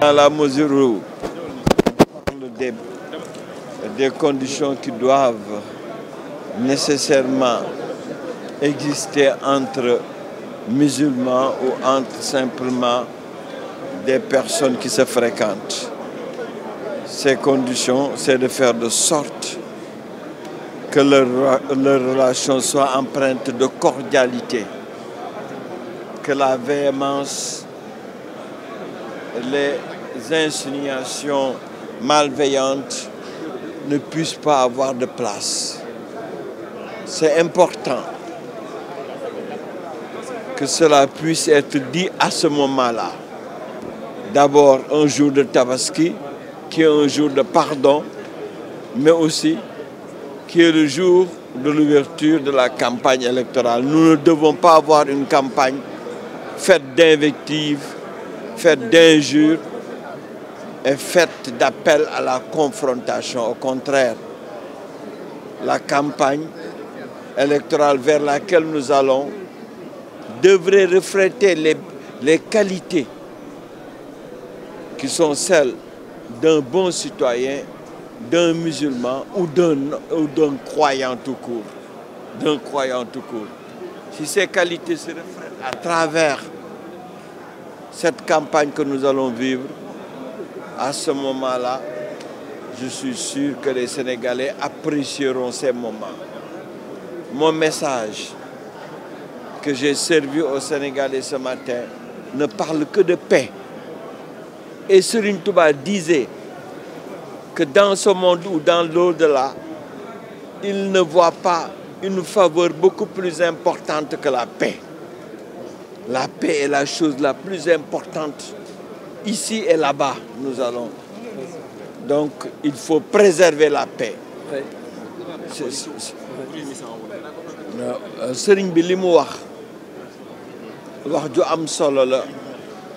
Dans la mesure où des, des conditions qui doivent nécessairement exister entre musulmans ou entre simplement des personnes qui se fréquentent. Ces conditions, c'est de faire de sorte que leur, relation soit empreinte de cordialité, que la véhémence les insinuations malveillantes ne puissent pas avoir de place. C'est important que cela puisse être dit à ce moment-là. D'abord un jour de Tabaski, qui est un jour de pardon, mais aussi qui est le jour de l'ouverture de la campagne électorale. Nous ne devons pas avoir une campagne faite d'invectives, faite d'injures et faite d'appel à la confrontation. Au contraire, la campagne électorale vers laquelle nous allons devrait refléter les, les qualités qui sont celles d'un bon citoyen, d'un musulman ou d'un croyant tout court. D'un croyant tout court. Si ces qualités se reflètent à travers cette campagne que nous allons vivre, à ce moment-là, je suis sûr que les Sénégalais apprécieront ces moments. Mon message que j'ai servi aux Sénégalais ce matin ne parle que de paix. Et Serigne Touba disait que dans ce monde ou dans l'au-delà, il ne voit pas une faveur beaucoup plus importante que la paix. La paix est la chose la plus importante ici et là ba nous allons. Donc, il faut préserver la paix. Euh, sëriñ bi li mu wax wax ju am solo la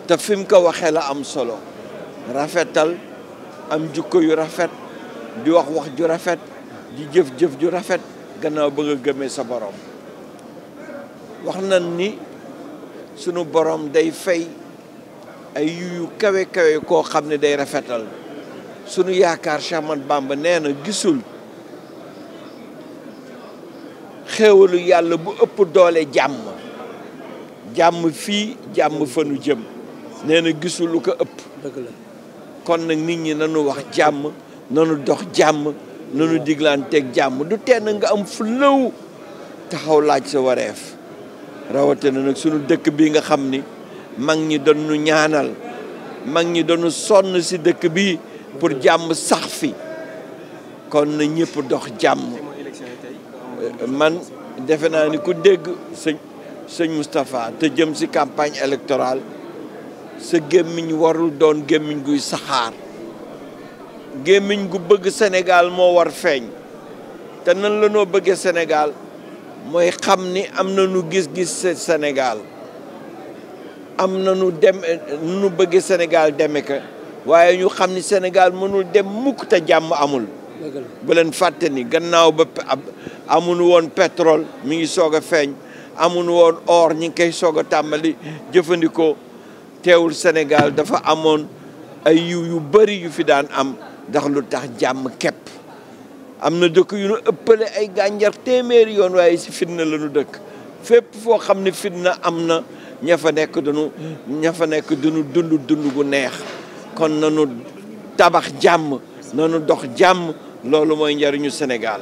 te fi mu ko waxee la am solo rafetal am jukko yu rafet di wax wax ju rafet di jëf jëf ju rafet gannaaw ba nga gëmee sa borom wax nan ni sunu borom day fay ay yuyu kawe kawe koo xam ne day rafetal sunu yaakaar Cheikh Ahmad Bamba nee na gisul xéewalu yàlla bu ëpp doole jàmm jàmm fii jàmm fanu jëm nee na gisul lu ko ëpp kon nag nit ñi nanu wax jàmm nanu dox jàmm nanu diglanteeg jàmm du tee na nga am fu lëw taxaw laaj sa wareef rawatina nag sunu dëkk bi nga xam ni mag ñi doon ñaanal mag ñi doon sonn si dëkk bi pour jàmm sax fi kon na ñëpp dox jàmm euh, man defe naa ni ku dégg sëñ sëñ Moustapha te jëm si campagne électorale sa gémmiñ warul doon gémmiñ guy saxaar gémmiñ gu bëgg Sénégal moo war feeñ te nan la noo bëggee Sénégal mooy xam ni am na nu gis-gis senegaal am na nu dem nu bëgg senegaal deme ka waaye ñu xam ni Sénégal mënul dem mukk te jàmm amul bu leen fàtte ni gannaaw ba amuñu woon petrol mu ngi soog a feeñ amuñu woon or ñu ngi koy soog a tàmbali jëfandikoo teewul Sénégal dafa amoon ay yiw yu bari yu fi daan am ndax lu tax jàmm képp am na dëkk yu nu ëppale ay gànjar téeméeri yoon waaye si fitna la nu dëkk fépp foo xam ne fitna am na ña fa nekk dañu ña fa nekk dunu dund dund gu neex kon nanu tabax jàmm nanu dox jàmm loolu mooy njariñu Sénégal